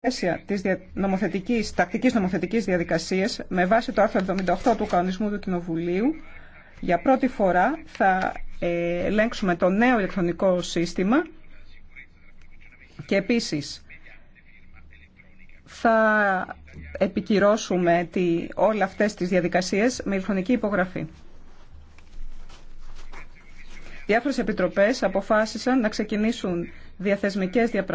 πλαίσια τη νομοθετικής, τακτική νομοθετική διαδικασία, με βάση το άρθρο 78 του Κανονισμού του Κοινοβουλίου, για πρώτη φορά θα ε, ελέγξουμε το νέο ηλεκτρονικό σύστημα και επίσης θα επικυρώσουμε τη, όλα αυτές τις διαδικασίες με ηλεκτρονική υπογραφή. Διάφορες επιτροπές αποφάσισαν να ξεκινήσουν διαθεσμικές διαπραγματεύσεις